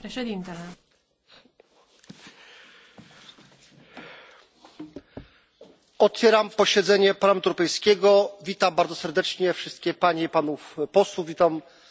președintele otwieram posiedzenie parlamentu europejskiego. witam bardzo serdecznie wszystkie panie i panów posłów witam panią komisarz witam pana sekretarza.